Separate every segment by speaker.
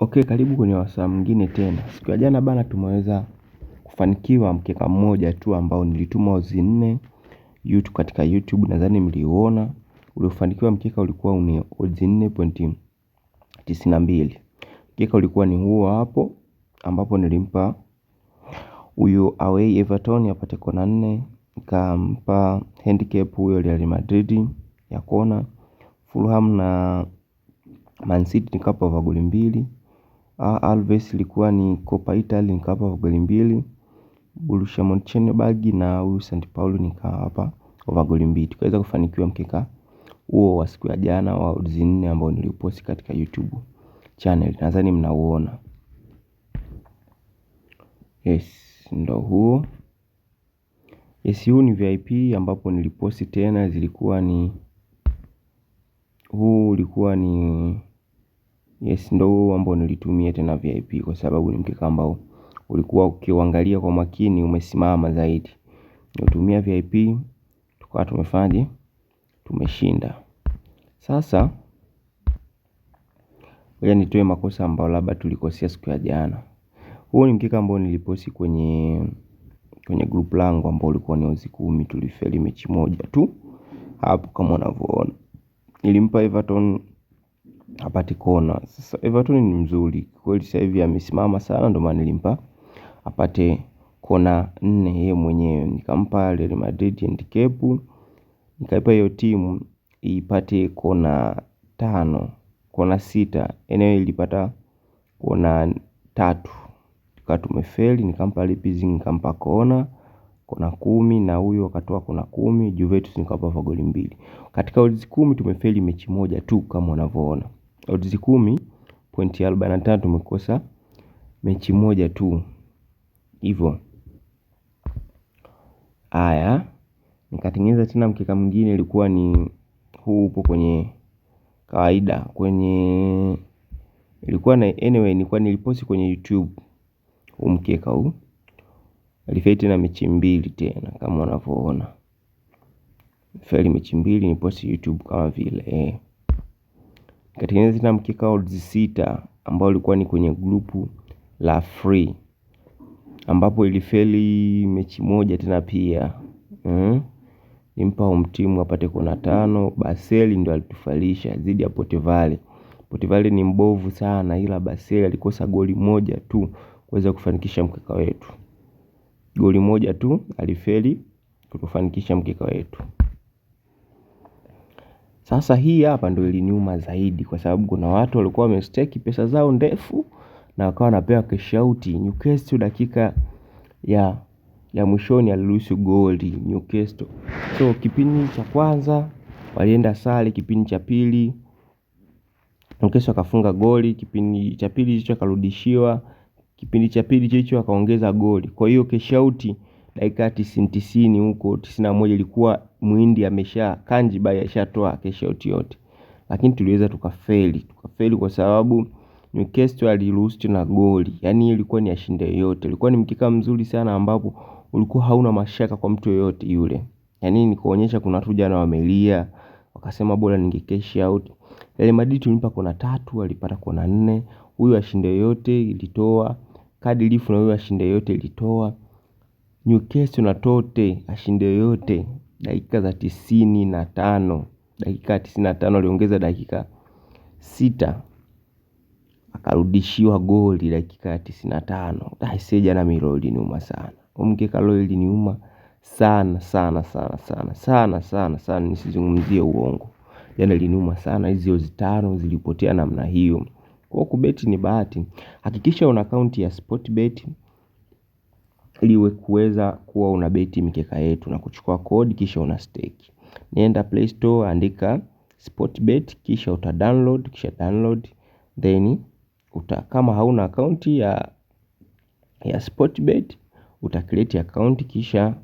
Speaker 1: Ok, karibu kwenye wasaa mwingine tena. Siku ya jana bana tumeweza kufanikiwa mkeka mmoja tu ambao nilituma ozi nne YouTube katika YouTube nadhani mliuona. Uliofanikiwa mkeka ulikuwa ni ozi nne pointi tisini na mbili. Mkeka ulikuwa ni huo hapo ambapo nilimpa huyu away Everton apate kona nne, nikampa handicap huyo Real Madrid ya kona. Fulham na Man City nikapa over goli mbili Alves ilikuwa ni Copa Italy nikawapa magoli mbili Borussia Monchengladbach na huyu St. Pauli nikawapa magoli mbili tukaweza kufanikiwa mkeka huo wa siku ya jana wa odds nne ambao niliuposti katika YouTube channel nadhani mnauona yes ndo huo yes huu ni VIP ambapo niliposti tena zilikuwa ni huu ulikuwa ni Yes ndo huo ambao nilitumia tena VIP kwa sababu ni mkeka ambao ulikuwa ukiuangalia kwa makini umesimama zaidi. Nilitumia VIP tukawa tumefanyaje tumeshinda. Sasa ngoja nitoe makosa ambayo labda tulikosea siku ya jana. Huo ni mkeka ambao niliposti kwenye kwenye group langu ambao ulikuwa ni uzi kumi tulifeli mechi moja tu. Hapo kama unavyoona nilimpa Everton hapati kona. Sasa Everton ni mzuri. Kweli sasa hivi amesimama sana ndio maana nilimpa apate kona nne yeye mwenyewe. Nikampa Real Madrid handicap. Nikaipa hiyo timu ipate kona tano, kona sita. eneo ilipata kona tatu. Tukawa tumefeli, nikampa lipizi, nikampa kona, kona kumi na huyo akatoa kona kumi, Juventus nikawapa goli mbili. Katika hizi kumi tumefeli mechi moja tu kama unavyoona odds kumi, pointi arobaini na tatu umekosa mechi moja tu. Hivo. Aya, nikatengeneza tena mkeka mwingine ilikuwa ni huu upo kwenye kawaida kwenye ilikuwa na anyway nilikuwa niliposti kwenye YouTube huu mkeka huu. Alifeli tena mechi mbili tena kama unavyoona. Feli mechi mbili ni posti YouTube kama vile eh. Katika zile mkikao sita ambao ulikuwa ni kwenye grupu la free ambapo ilifeli mechi moja tena pia nilimpa hmm? home team apate kona tano Baseli ndo alitufalisha dhidi ya Potevale. Potevale ni mbovu sana ila Baseli alikosa goli moja tu kuweza kufanikisha mkeka wetu goli moja tu alifeli kutufanikisha mkeka wetu. Sasa hii hapa ndo iliniuma zaidi kwa sababu kuna watu walikuwa wamesteki pesa zao ndefu na wakawa wanapewa cash out. Newcastle dakika ya ya mwishoni aliruhusu goli Newcastle. So kipindi cha kwanza walienda sare, kipindi cha pili Newcastle akafunga goli, kipindi cha pili hicho akarudishiwa, kipindi cha pili hicho akaongeza goli. Kwa hiyo cash out dakika tisini tisini huko tisini na moja ilikuwa muhindi amesha Kanjiba yashatoa kesha yote yote, lakini tuliweza tukafeli, tukafeli kwa sababu Newcastle aliruhusu tena goli, yaani hiyo ilikuwa ni ashinde yote. Ilikuwa ni mkika mzuri sana ambapo ulikuwa hauna mashaka kwa mtu yoyote yule, yaani ni kuonyesha kuna watu jana wamelia wakasema bora ningekesh out. Real Madrid tulimpa kona tatu, alipata kona nne, huyu ashinde yote ilitoa, kadi lifu na huyu ashinde yote ilitoa. Newcastle na Tote ashinde yoyote dakika za tisini na tano dakika ya tisini na tano aliongeza dakika sita akarudishiwa goli dakika ya tisini na tano aisee jana milo iliniuma sana mkeka leo iliniuma sana sana sana sana sana sana sana nisizungumzie uongo jana iliniuma sana hizo zitano zilipotea namna hiyo kwa kubeti ni bahati hakikisha una akaunti ya Sportbet liwe kuweza kuwa unabeti mikeka yetu na kuchukua code kisha stake. Nenda Play Store andika Sportbet kisha uta download, kisha download then uta kama hauna account ya ya Sportbet uta create account kisha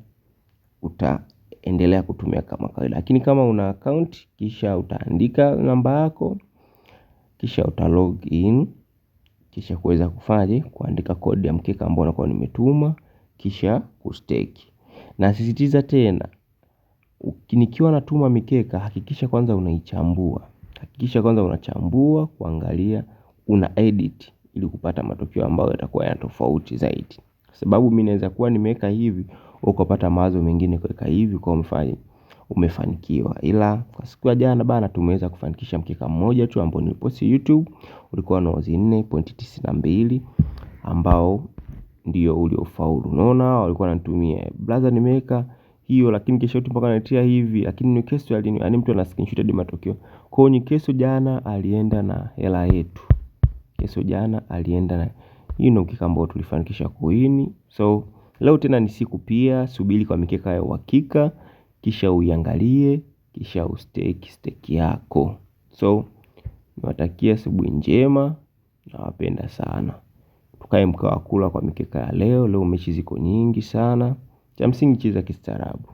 Speaker 1: utaendelea kutumia kama kawaida. Lakini kama una account kisha utaandika namba yako kisha uta log in kisha kuweza kufanya kuandika code ya mkeka ambao nakuwa nimetuma kisha kusteki. Nasisitiza tena, nikiwa natuma mikeka, hakikisha kwanza unaichambua. Hakikisha kwanza unachambua, kuangalia, edit ili kupata matokeo ambayo yatakuwa ya tofauti zaidi. Sababu mi naweza kuwa nimeweka hivi, ukapata mawazo mengine kuweka hivi kwa mfano umefanikiwa. Ila kwa siku ya jana bana tumeweza kufanikisha mkeka mmoja tu ambao post YouTube. Ulikuwa na wazi ambao ndio ule ufaulu unaona walikuwa wanatumia brother, nimeweka hiyo lakini kesho tu mpaka anatia hivi Lakini ni Newcastle yani mtu ana screenshot hadi matokeo Kwa hiyo ni kesho jana alienda na hela yetu kesho jana alienda na hiyo Ndio mkeka ambao tulifanikisha kuini. So leo tena ni siku pia Subiri kwa mikeka ya uhakika Kisha uiangalie Kisha ustake stake yako So nawatakia asubuhi njema nawapenda sana tukae kula kwa mikeka ya leo, leo mechi ziko nyingi sana, cha msingi cheza kistaarabu.